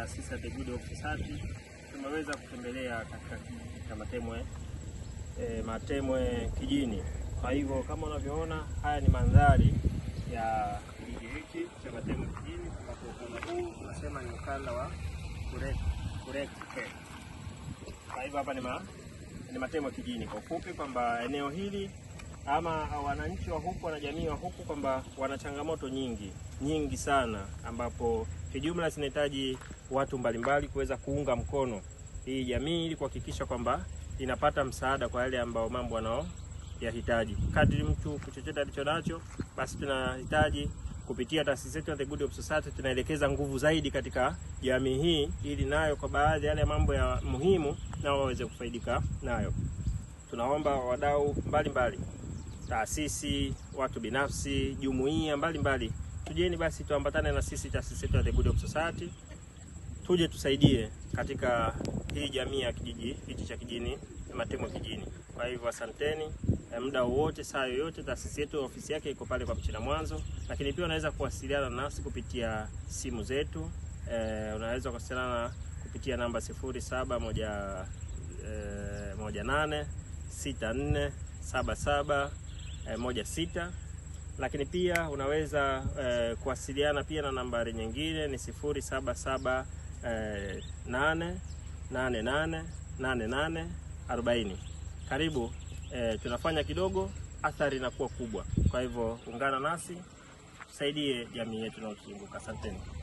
taasisi ya The Good Office Hut tumeweza kutembelea katika kijiji cha Matemwe e, Matemwe kijini. Kwa hivyo kama unavyoona, haya ni mandhari ya kijiji hiki cha Matemwe kijini, ambapo ukanda huu ni ukanda wa Kurekite. Kwa hivyo hapa ni, ma, ni Matemwe kijini kwa ufupi, kwamba eneo hili ama wananchi wa huku jamii wa huku kwamba wana changamoto nyingi nyingi sana, ambapo kijumla zinahitaji watu mbalimbali kuweza kuunga mkono hii jamii ili kuhakikisha kwamba inapata msaada kwa yale ambao mambo wanao yahitaji. Kadri mtu chochote alicho nacho, basi tunahitaji kupitia taasisi zetu ya The Good Hope Society tunaelekeza nguvu zaidi katika jamii hii ili nayo kwa baadhi yale mambo ya muhimu nao waweze kufaidika nayo. Tunaomba wadau mbalimbali taasisi, watu binafsi, jumuiya mbalimbali, tujeni basi tuambatane na sisi taasisi yetu ya The Good Hope Society, tuje tusaidie katika hii jamii ya kijiji hichi cha kijini matemo kijini. Kwa hivyo asanteni, muda wowote, saa yoyote. Taasisi yetu ofisi yake iko pale kwa Mchina Mwanzo, lakini pia unaweza kuwasiliana nasi kupitia simu zetu e, unaweza kuwasiliana kupitia namba 0718 6477 e, moja sita, lakini pia unaweza eh, kuwasiliana pia na nambari nyingine ni sifuri saba saba eh, nane nane nane nane nane arobaini. Karibu eh, tunafanya kidogo, athari inakuwa kubwa. Kwa hivyo ungana nasi, tusaidie jamii yetu inayotuzunguka. Asanteni.